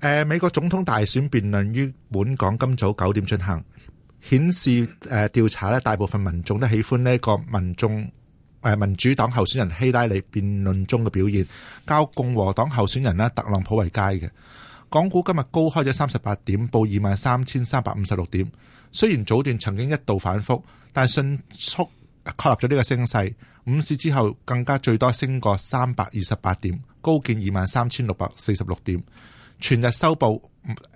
誒、呃，美國總統大選辯論於本港今早九點進行，顯示誒調、呃、查咧，大部分民眾都喜歡呢個民眾誒、呃、民主黨候選人希拉里辯論中嘅表現，較共和黨候選人特朗普為佳嘅。港股今日高開咗三十八點，報二萬三千三百五十六點。雖然早段曾經一度反覆，但迅速確立咗呢個升勢。午市之後更加最多升過三百二十八點，高見二萬三千六百四十六點。全日收報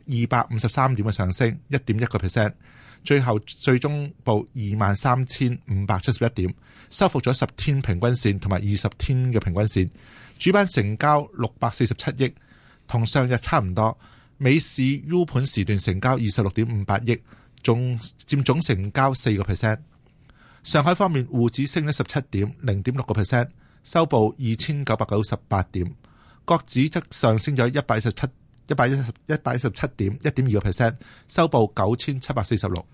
二百五十三點嘅上升，一點一個 percent。最後最終報二萬三千五百七十一點，收復咗十天平均線同埋二十天嘅平均線。主板成交六百四十七億，同上日差唔多。美市 U 盤時段成交二十六點五八億，仲佔總成交四個 percent。上海方面，滬指升一十七點零點六個 percent，收報二千九百九十八點。國指則上升咗一百二十七。一百一十、一百一十七點一點二個 percent，收報九千七百四十六。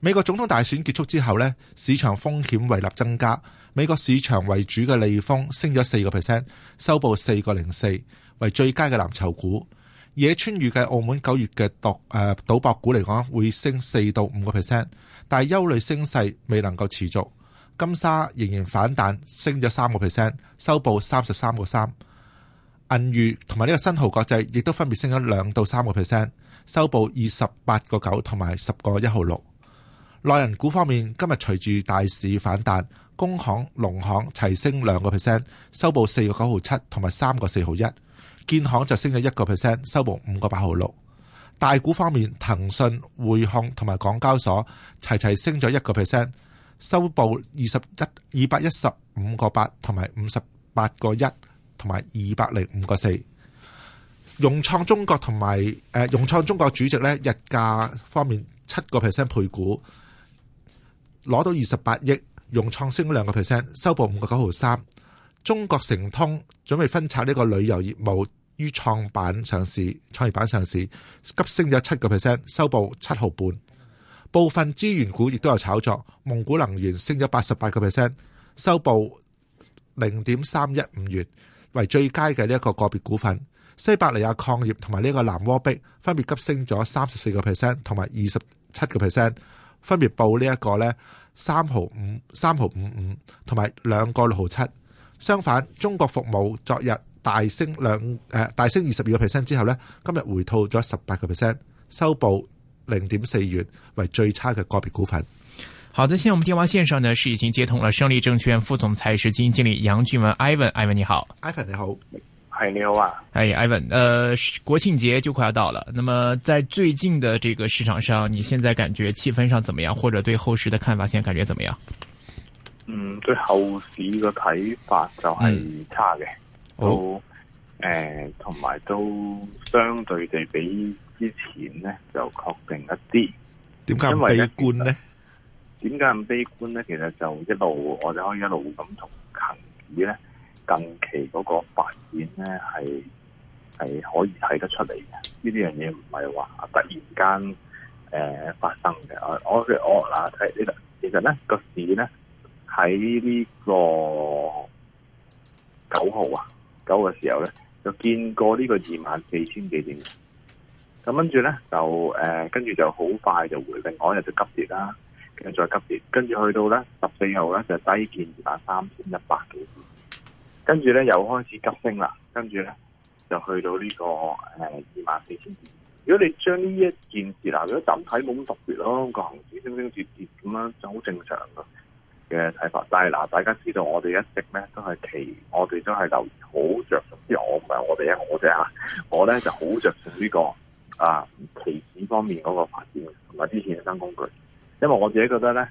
美國總統大選結束之後呢市場風險為立增加，美國市場為主嘅利豐升咗四個 percent，收報四個零四，為最佳嘅藍籌股。野村預計澳門九月嘅賭博股嚟講，會升四到五個 percent，但係憂慮升勢未能夠持續。金沙仍然反彈，升咗三個 percent，收報三十三個三。銀娛同埋呢個新濠國際亦都分別升咗兩到三個 percent，收報二十八個九同埋十個一毫六。內銀股方面，今日隨住大市反彈，工行、農行齊升兩個 percent，收報四個九毫七同埋三個四毫一。建行就升咗一個 percent，收報五個八毫六。大股方面，騰訊、匯控同埋港交所齊齊升咗一個 percent，收報二十一、二百一十五個八同埋五十八個一。同埋二百零五個四，融創中國同埋誒，融創中國主席咧日價方面七個 percent 配股，攞到二十八億，融創升兩個 percent，收報五個九毫三。中國誠通準備分拆呢個旅遊業務於創板上市，創業板上市，急升咗七個 percent，收報七毫半。部分資源股亦都有炒作，蒙古能源升咗八十八個 percent，收報零點三一五元。為最佳嘅呢一個個別股份，西伯利亞礦業同埋呢一個藍窩壁分別急升咗三十四個 percent 同埋二十七個 percent，分別報呢一個呢三毫五三毫五五同埋兩個六毫七。相反，中國服務昨日大升兩誒、啊、大升二十二個 percent 之後呢，今日回吐咗十八個 percent，收報零點四元，為最差嘅個別股份。好的，現在我們電話線上呢是已經接通了。勝利證券副總裁、是基金經理楊俊文，Ivan，Ivan 你好，Ivan 你好，嗨你，你好啊，哎 Ivan，呃國慶節就快要到了，那麼在最近的這個市場上，你現在感覺氣氛上怎麼樣？或者對後市的看法，現在感覺怎麼樣？嗯，對後市個睇法就係差嘅，好、嗯，誒，同、oh. 埋、呃、都相對地比之前呢就確定一啲，點解悲觀呢點解咁悲觀咧？其實就一路我哋可以一路咁同恒指咧，近期嗰個發展咧係係可以睇得出嚟嘅。呢啲樣嘢唔係話突然間誒、呃、發生嘅。我我我嗱睇呢，其實咧個市咧喺呢個九號啊九嘅時候咧就見過這個24000呢個二萬四千幾點嘅。咁、呃、跟住咧就誒跟住就好快就回零，我又就急跌啦。再急跌，跟住去到咧十四號咧就低見二萬三千一百幾，跟住咧又開始急升啦，跟住咧就去到呢、這個誒二萬四千幾。如果你將呢一件事嗱，如果整體冇咁特別咯，那個恒指升升跌跌咁樣就好正常嘅嘅睇法。但係嗱，大家知道我哋一直咧都係期，我哋都係留意好着即重。我唔係我哋、這個、啊，我哋啊，我咧就好着重呢個啊期指方面嗰個發展同埋啲衍生工具。因為我自己覺得咧，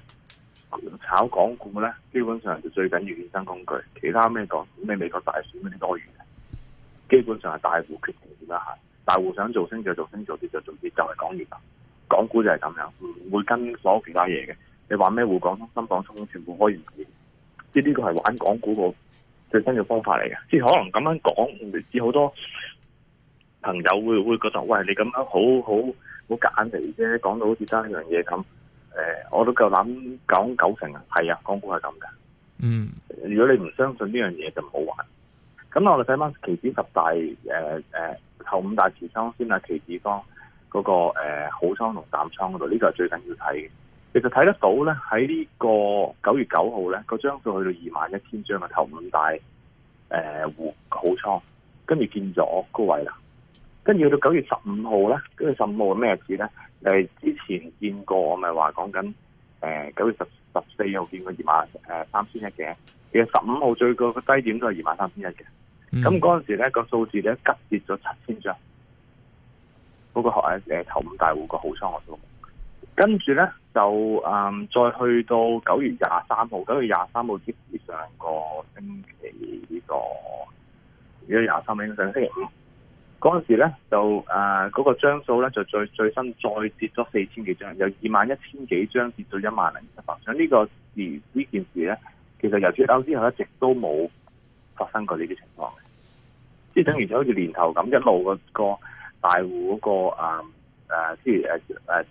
炒港股咧，基本上就最緊要衍生工具，其他咩國咩美國大選嗰啲多餘嘅，基本上係大戶決定點啦吓，大戶想做升就做升，做跌就做跌，就係講完啦。港股就係咁樣，唔會跟所有其他嘢嘅。你話咩滬港通、深港通，全,全部可以。即係呢個係玩港股個最新嘅方法嚟嘅。即係可能咁樣講，只好多朋友會會覺得，喂，你咁樣好好好夾硬嚟啫，講到好似單樣嘢咁。誒，我都夠膽講九成啊，係啊，港股係咁噶。嗯，如果你唔相信呢樣嘢，就唔好玩。咁我哋睇翻期指十大，誒、呃、誒、呃，頭五大持倉先啊，期指方嗰個誒好倉同淡倉嗰度，呢個係最緊要睇嘅。其實睇、那個呃這個、得到咧，喺呢個九月九號咧，個張數去到二萬一千張嘅頭五大，誒、呃，好倉，跟住見咗高位啦。跟住到九月十五號咧，跟住十五號咩日子咧？誒，之前見過我咪話講緊，誒九月十十四號見過二萬誒三千一嘅，其實十五號最高個低點都係二萬三千一嘅。咁嗰陣時咧、個數字咧急跌咗七千張，嗰、個學誒頭五大戶個好倉我都，跟住咧就誒、嗯、再去到九月廿三號，九月廿三號截止上個星期呢、這個，如果廿三名上星期五。嗰陣時咧，就誒嗰、啊那個張數咧，就最最新再跌咗四千幾張，由二萬一千幾張跌到一萬零一百。所以呢個這件事呢件事咧，其實由脫歐之後一直都冇發生過呢啲情況，即係等於就好似年頭咁一路大、那個大戶嗰個誒誒即係誒誒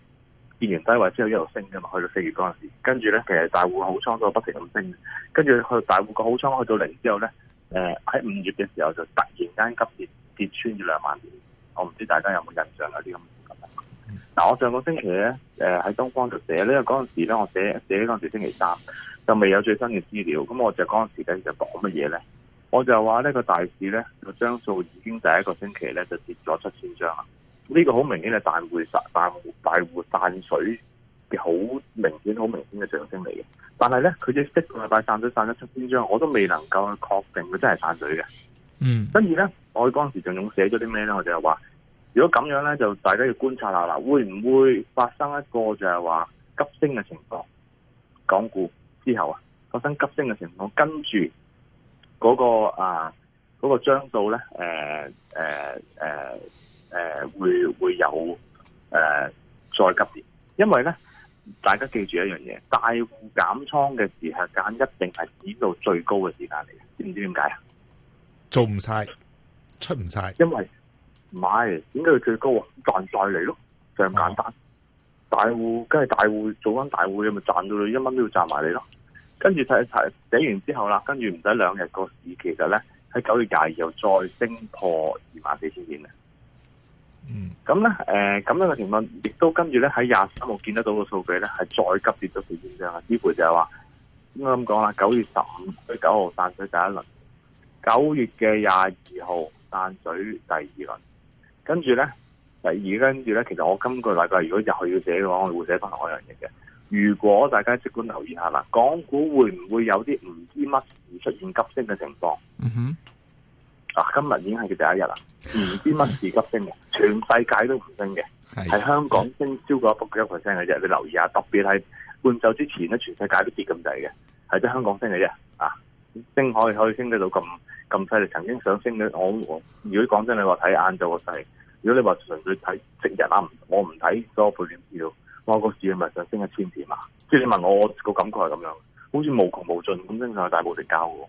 見完低位之後一路升噶嘛，去到四月嗰陣時，跟住咧其實大戶好倉都不停咁升，跟住去大戶個好倉去到零之後咧，誒喺五月嘅時候就突然間急跌。跌穿咗兩萬點，我唔知道大家有冇印象有啲咁嘅事情。嗱、嗯啊，我上個星期咧，誒、呃、喺東方就寫咧，嗰陣時咧，我寫寫嗰陣時星期三就未有最新嘅資料，咁我就嗰陣時咧就講乜嘢咧？我就話呢、呢個大市咧，個張數已經第一個星期咧就跌咗七千張啦，呢、呢個好明顯係大戶散大戶大戶散水嘅好明顯、好明顯嘅象徵嚟嘅。但係咧，佢一個禮拜散水散咗七千張，我都未能夠確定佢真係散水嘅。嗯，跟住咧，我嗰陣時仲寫咗啲咩咧？我就係話，如果咁樣咧，就大家要觀察下啦，會唔會發生一個就係話急升嘅情況？港股之後啊，發生急升嘅情況，跟住嗰、那個啊，嗰、那個張數咧，誒誒誒誒，會會有誒、呃、再急跌？因為咧，大家記住一樣嘢，大戶減倉嘅時刻間，一定係指數最高嘅時間嚟，知唔知點解啊？做唔晒，出唔晒，因為唔係，點解佢最高賺再嚟咯，就咁簡單。哦、大戶梗係大戶做翻大戶，咪賺到你一蚊都要賺埋你咯。跟住睇睇寫完之後啦，跟住唔使兩日個市，其實咧喺九月廿二號再升破二萬四千點嘅。嗯，咁咧誒，咁、呃、樣嘅情況，亦都跟住咧喺廿三號見得到個數據咧，係再急跌咗四點啫嘛，似乎就係話，應該咁講啦，九月十五去九號散水第一輪。九月嘅廿二號淡水第二輪，跟住咧第二，跟住咧，其實我今個禮拜如果入去要寫嘅話，我會寫翻嗰樣嘢嘅。如果大家即管留意一下啦，港股會唔會有啲唔知乜事出現急升嘅情況？嗯哼，啊，今日已經係佢第一日啦，唔知乜事急升嘅，全世界都唔升嘅，係 香港升超過卜幾多 percent 嘅啫。你留意一下，特別係半晝之前咧，全世界都跌咁滯嘅，係得香港升嘅啫，啊，升可以可以升得到咁。咁犀利，曾經上升嘅我我，如果講真你話睇晏晝個勢，如果你話純粹睇息日啊，我唔睇多個盤面資料，我個市係咪上升一千點啊！即係你問我，我個感覺係咁樣，好似無窮無盡咁升上去，大部成交嘅。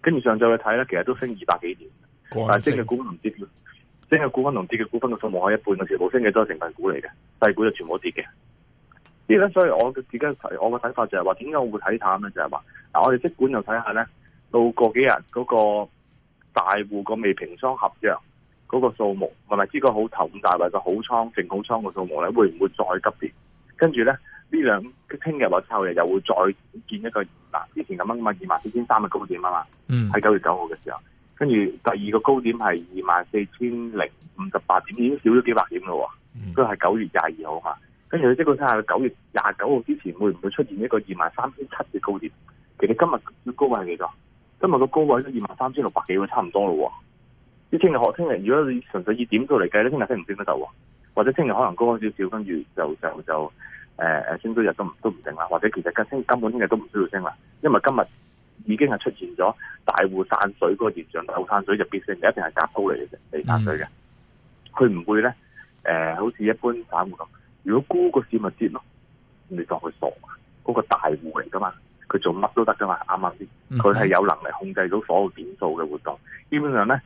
跟住上晝去睇咧，其實都升二百幾點，但係升嘅股份唔跌，升嘅股份同跌嘅股份個數冇係一半，全部升嘅都係成份股嚟嘅，細股就全部跌嘅。依家所以我而家睇我個睇法就係話點解我會睇淡咧，就係話嗱我哋即管又睇下咧。到過幾日嗰個大戶個未平倉合約嗰個數目，係咪知個好頭五大位個好倉淨好倉個數目咧？會唔會再急跌？跟住咧呢兩聽日或者後日又會再見一個二萬，之前咁樣嘛，二萬四千三嘅高點啊嘛，嗯，喺九月九號嘅時候，跟住第二個高點係二萬四千零五十八點，已經少咗幾百點嘞喎，都係九月廿二號嘛，跟住你即係佢睇下九月廿九號之前會唔會出現一個二萬三千七嘅高點？其實今日最高係幾多？今日個高位都二萬三千六百幾，差唔多咯。喎，啲聽日學聽日，如果你純粹以點數嚟計咧，聽日升唔升得到喎。或者聽日可能高少少，跟住就就就誒誒、呃、升多日都唔都唔定啦。或者其實根本聽日都唔需要升啦，因為今日已經係出現咗大戶散水嗰個現象，大戶散水就必升，一定係夾高嚟嘅啫，嚟散水嘅。佢唔會咧，誒、呃，好似一般散戶咁。如果高個市咪跌咯，你當佢傻啊？嗰、那個大戶嚟噶嘛？佢做乜都得嘅嘛，啱啱先，佢係有能力控制到所有變數嘅活動。基本上咧，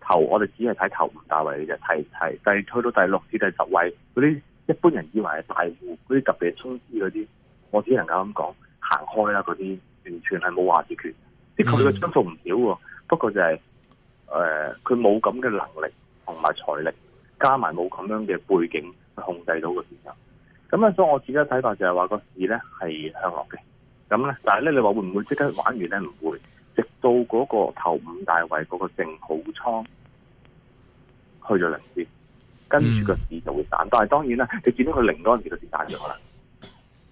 頭我哋只係睇頭五大位嘅啫，睇睇。但係去到第六至第十位嗰啲一般人以為係大戶嗰啲特別衝刺嗰啲，我只能夠咁講，行開啦。嗰啲完全係冇話事權，即佢哋嘅倉數唔少喎。不過就係、是、誒，佢冇咁嘅能力同埋財力，加埋冇咁樣嘅背景去控制到個變數。咁啊，所以我自己嘅睇法就係話、個市咧係向落嘅。咁、嗯、咧，但係咧，你話會唔會即刻玩完咧？唔會，直到嗰個頭五大位嗰個淨好倉去咗零先，跟住個市就會散、嗯、但係當然啦，你見到佢零嗰陣時就跌散咗啦。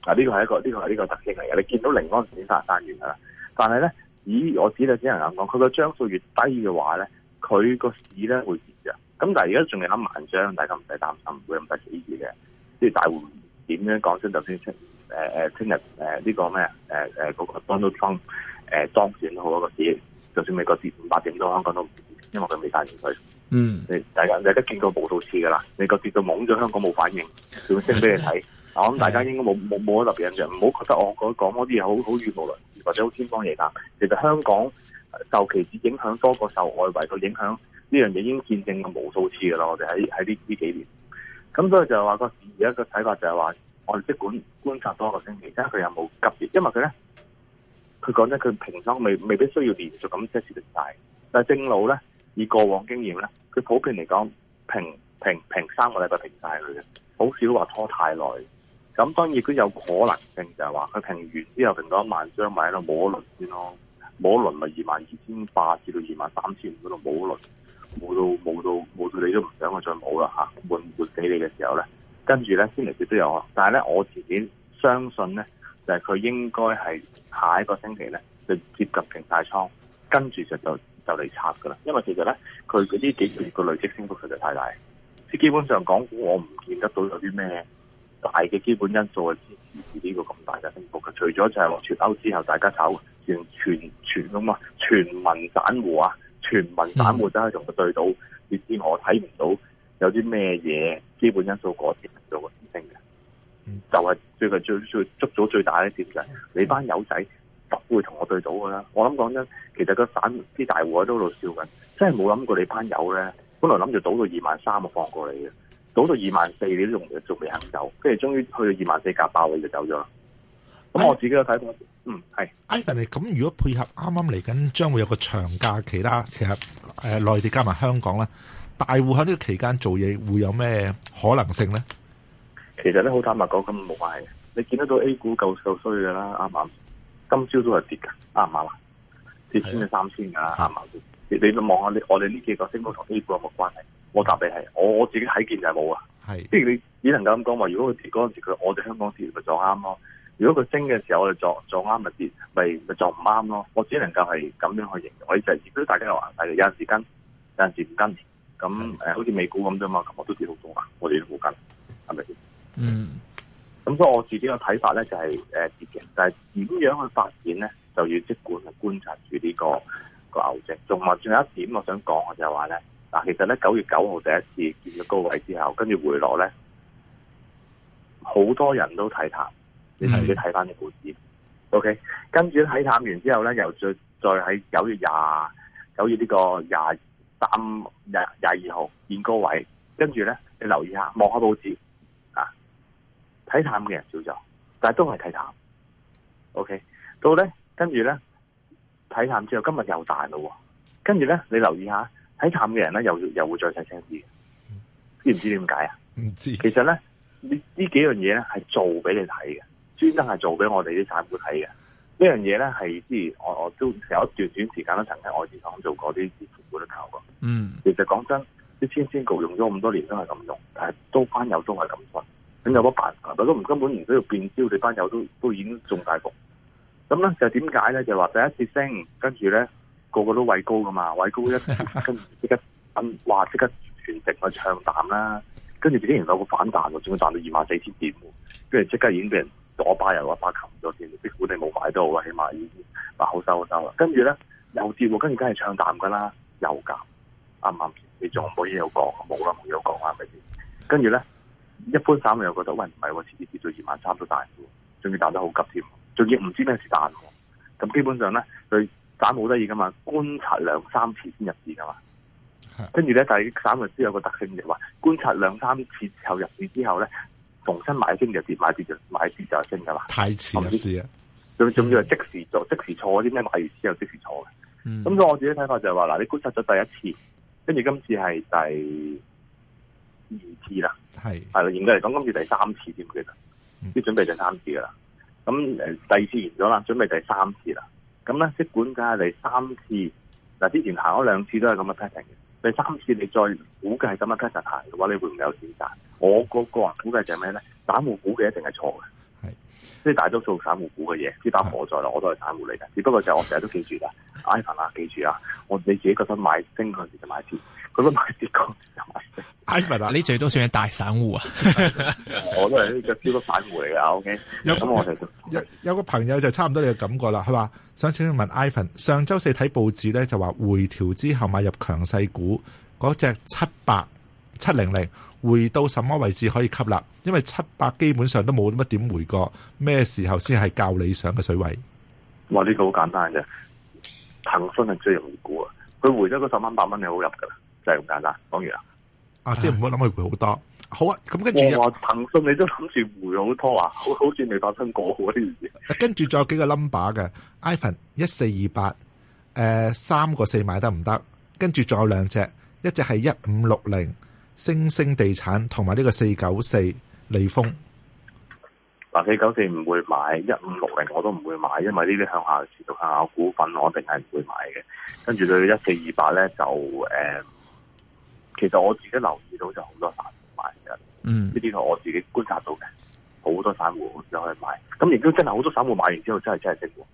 嗱、啊，呢個係一個呢個係呢個特徵嚟嘅。你見到零嗰陣時已經翻翻軟噶啦。但係咧，以我指係只能咁講，佢個張數越低嘅話咧，佢個市咧會跌嘅。咁但係而家仲未攞萬張，大家唔使擔心，會唔使死跌嘅。即係大戶點樣講出？就先出。誒誒，聽日誒呢個咩誒誒嗰個 Donald Trump 誒、啊、當選好一個市，就算美國跌五百點，都香港都唔跌，因為佢未帶動佢。嗯，你大家你都見到無數次噶啦，美國跌到懵咗，香港冇反應，要升俾你睇。啊、嗯，咁大家應該冇冇冇乜特別印象，唔好覺得我講嗰啲嘢好好語無倫次，或者好天方夜譚。其實香港受期指影響多過受外圍嘅影響，呢樣嘢已經見證咗無數次噶啦。我哋喺喺呢呢幾年，咁所以就係話個而家個睇法就係話。我哋即管觀察多個星期，睇下佢有冇急跌，因為佢咧，佢講咧，佢平倉未未必需要連續咁即係平曬。但係正路咧，以過往經驗咧，佢普遍嚟講，平平平三個禮拜平晒佢嘅，好少話拖太耐。咁當然佢有可能性就係話佢平完之後平到一萬張買喺度，冇一輪先咯，冇一輪咪二萬二千八至到二萬三千五嗰度冇一輪，冇到冇到冇到你都唔想再再冇啦嚇，唔活死你嘅時候咧。跟住咧，先嚟跌都有，但係咧，我自己相信咧，就係佢應該係下一個星期咧，就接近平曬倉，跟住就就就嚟插噶啦。因為其實咧，佢呢幾個月個累積升幅實在太大，即基本上港股我唔見得到有啲咩大嘅基本因素去支持呢個咁大嘅升幅嘅。除咗就係話全歐之後，大家炒完全全咁啊嘛，全民散戶啊，全民散戶都係同佢對賭，你、嗯、知我睇唔到。有啲咩嘢基本因素嗰啲嚟做個支撐嘅，就係、是、最近最最捉到最大一跌就係你班友仔，都會同我對到賭噶啦。我諗講真，其實個散啲大戶喺度度笑緊，真係冇諗過你班友咧，本來諗住賭到二萬三我放過你嘅，賭到二萬四你都仲仲未肯走，跟住終於去到二萬四夾爆，你就走咗啦。咁我自己都睇法、哎，嗯係，Ivan 係咁。哎、如果配合啱啱嚟緊，將會有個長假期啦。其實誒，內、呃、地加埋香港咧。大戶喺呢個期間做嘢會有咩可能性咧？其實咧，好坦白講，根本冇壞嘅，你見得到 A 股夠夠衰噶啦，啱唔啱？今朝都係跌噶，啱唔啱？跌穿咗三千噶啦，啱唔啱？你看、啊、你望下你我哋呢幾個升都同 A 股有冇關係？我答你係，我我自己睇見就係冇啊。係即係你只能夠咁講話。如果佢跌嗰陣時，佢我哋香港跌咪撞啱咯；如果佢升嘅時候，我哋撞撞啱咪跌，咪咪撞唔啱咯。我只能夠係咁樣去形容。我就陣時都大家話，但係有陣時跟，有陣時唔跟。咁好似美股咁啫嘛，咁我都跌好多啊，我哋都好近係咪先？嗯。咁、嗯、所以我自己嘅睇法咧、就係，就係誒跌嘅，但係點樣去發展咧，就要即管去觀察住呢、呢個、個牛證。仲話仲有一點我想講嘅就係話咧，嗱，其實咧九月九號第一次見咗高位之後，跟住回落咧，好多人都睇淡。你睇啲睇翻啲股市，OK？跟住睇淡完之後咧，又再再喺九月廿九月呢個廿。三廿廿二號現高位，跟住咧你留意下，望下報紙啊，睇淡嘅人少咗，但係都係睇淡。OK，到咧跟住咧睇淡之後，今日又大咯，跟住咧你留意下，睇淡嘅人咧又又會再睇清啲，知唔知點解啊？唔知。其實咧，呢呢幾樣嘢咧係做俾你睇嘅，專登係做俾我哋啲散戶睇嘅。樣呢樣嘢，咧係即係我我都有一段短時間咧曾經外資行做過啲支目股嘅投嘅。嗯，其實講真，啲千千股用咗咁多年都係咁用，但係都班友都係咁訓，咁有乜辦法？佢都根本唔需要變焦，你班友都都已經中大伏。咁咧就係點解咧？就係話、就是、第一次升，跟住咧個個都位高噶嘛，位高一，跟住即刻，哇！即刻全值去暢彈啦，跟住自己仍然有個反彈仲要賺到二萬四千點，跟住即刻已經俾人。左巴又啊，巴擒咗先，啲股你冇買到好啊，起碼已經把口收好收啦。跟住咧又跌喎，跟住梗係唱淡噶啦，又減啱唔啱？你仲冇嘢好講，冇啦，冇嘢好講啊，係咪先？跟住咧，一般散戶又覺得，喂唔係喎，次次跌到二萬三都彈，仲要跌得好急添，仲要唔知咩事彈喎。咁基本上咧，佢賺好得意噶嘛，觀察兩三次先入市噶嘛。跟住咧，但係啲散戶先有個特性，就係話觀察兩三次之後入市之後咧。重新買升就跌，買跌就跌，買跌就升噶啦。太遲啦，仲仲要係即時做，即時錯嗰啲咩，買完之後即時錯嘅。咁、嗯、所以我自己睇法就係、是、話，嗱你觀察咗第一次，跟住今次係第二次啦，係係嚴格嚟講，今次第三次添其實，啲準備第三次噶啦。咁、嗯、誒第二次完咗啦，準備第三次啦。咁咧，即管梗係第三次嗱，之前行咗兩次都係咁嘅 pattern 嘅，第三次你再估計係咁嘅 pattern 行嘅話，你會唔會有選擇？我嗰個人估計就係咩咧？散戶股嘅一定係錯嘅，係即係大多數散戶股嘅嘢。呢班我在內我都係散戶嚟嘅，只不過就我成日都記住啦。Ivan 啊，記住啊，我你自己覺得買升嗰時就買跌，覺得買跌嗰時就買升。Ivan 啊，呢 最多算係大散戶啊？ 我都係呢個超級散戶嚟噶。O、okay? K。有咁我其實有有個朋友就差唔多你嘅感覺啦，係嘛？想請問問 Ivan 上周四睇報紙咧就話回調之後買入強勢股嗰隻七百。那個 700, 七零零回到什麼位置可以吸納？因為七百基本上都冇乜點回過，咩時候先係較理想嘅水位？哇！呢個好簡單嘅啫，騰訊係最容易估啊。佢回咗個十蚊八蚊，你好入噶啦，就係咁簡單。講完啊，即係唔好諗佢回好多。好啊，咁跟住，我話騰訊你都諗住回好多啊？好好似未發生過呢件事。誒，跟住仲有幾個 number 嘅 iPhone 一四二八，誒，三個四買得唔得？跟住仲有兩隻，一隻係一五六零。星星地產同埋呢個四九四利豐，嗱四九四唔會買一五六零，我都唔會買，因為呢啲向下持續向下股份，我一定係唔會買嘅。跟住對一四二八咧，就誒、嗯，其實我自己留意到就好多散戶買嘅，嗯，呢啲係我自己觀察到嘅，好多散戶就可以買。咁亦都真係好多散戶買完之後真的真的的，真係真係升。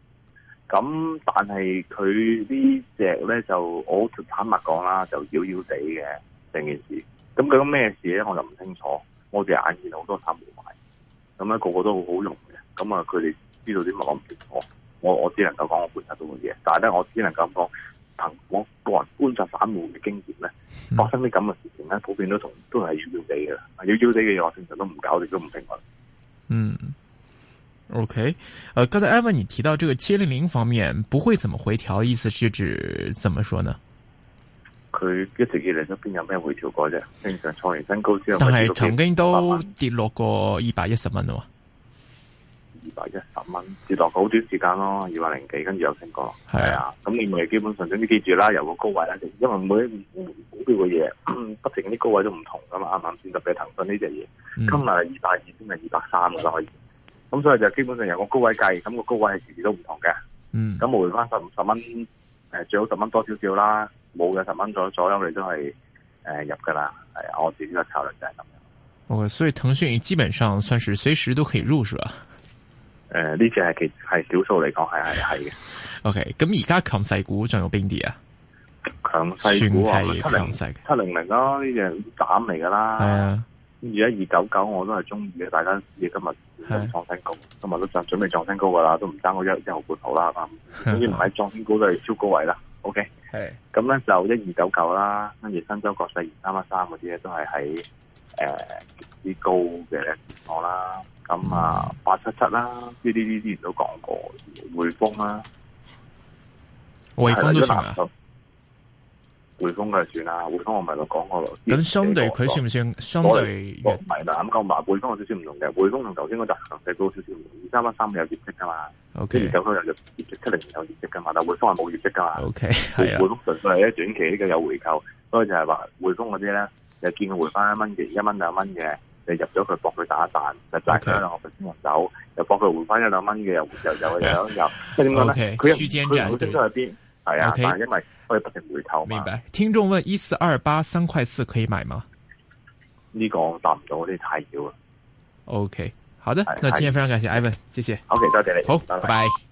咁但係佢呢隻咧，就我就坦白講啦，就妖妖哋嘅成件事。咁究竟咩事咧？我就唔清楚。我哋眼見好多散戶買，咁、那、咧，個個都好好用嘅。咁啊，佢哋知道啲乜，我唔清楚。我我只能夠講我觀察到嘅嘢，但係咧，我只能夠講憑我個人觀察散戶嘅經驗咧，發生啲咁嘅事情咧，普遍都同都係妖妖哋嘅，妖妖哋嘅嘢我正常都唔搞，你都唔明。論。嗯，OK，誒、呃，剛才 Ivan 你提到這個七零零方面不會怎麼回調，意思是指怎麼說呢？佢一直以嚟嗰邊有咩回調過啫？正常創完新高之後，但係曾經都跌落過二百一十蚊咯，二百一十蚊跌落好短時間咯，二百零幾跟住又升過。係啊，咁你咪基本上總之記住啦，由個高位啦，因為每一股票嘅嘢，不停啲高位都唔同噶嘛。啱啱先特別係騰訊呢隻嘢，今日係二百二，先係二百三噶啦，可以。咁所以就基本上由個高位計，咁個高位係時時都唔同嘅。咁回翻十五十蚊，誒、嗯，最好十蚊多少少啦。冇嘅，十蚊左左右，你都係誒、呃、入噶啦。係啊，我自己嘅策略就係咁樣。哦、okay，所以騰訊基本上算是隨時都可以入，是吧？誒、呃，呢隻係其實係少數嚟講係係係嘅。O K，咁而家強勢股仲有邊啲啊？ 強勢股啊，七零七零零咯，呢隻膽嚟噶啦。係啊，跟一二九九我都係中意嘅。大家亦今日要創新高，今日都準準備撞新高噶啦，都唔爭我一一號半號啦，啱唔啱？總之撞新高都係超高位啦。OK，係咁咧就一二九九啦，跟住新洲國際二三一三嗰啲嘢都係喺誒極之高嘅咧，我啦，咁啊八七七啦，呢啲啲之前都講過，匯豐啦，匯豐都算啦，匯豐佢算啦，匯豐我咪都講過，度。咁相對佢算唔算？相對唔係啦，咁埋埋匯豐少少唔同嘅，匯豐，匯豐，匯豐同頭先嗰隻係高少少，二三一三有業績噶嘛。跟住走翻入入，七零有業績嘅嘛，但匯豐係冇業績噶嘛。O K，係啊，匯豐純粹係一短期呢個有回購，不 過就係話匯豐嗰啲咧，你見佢回翻一蚊嘅，一蚊兩蚊嘅，你入咗佢博佢打一彈，實在嗰兩個 percent 走，又博佢回翻一兩蚊嘅，yeah. 又又又又想因為點解咧？佢區間窄，佢冇得出去邊。係啊，O K，因為可以不停回購。明白。聽眾問：一四二八三塊四可以買嗎？呢、這個我答唔到，啲太小啦。O K。好的，那今天非常感謝 Ivan 謝謝。OK，多謝你。好，拜拜。